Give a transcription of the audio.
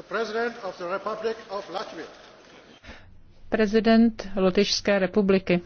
prezident lotyšské republiky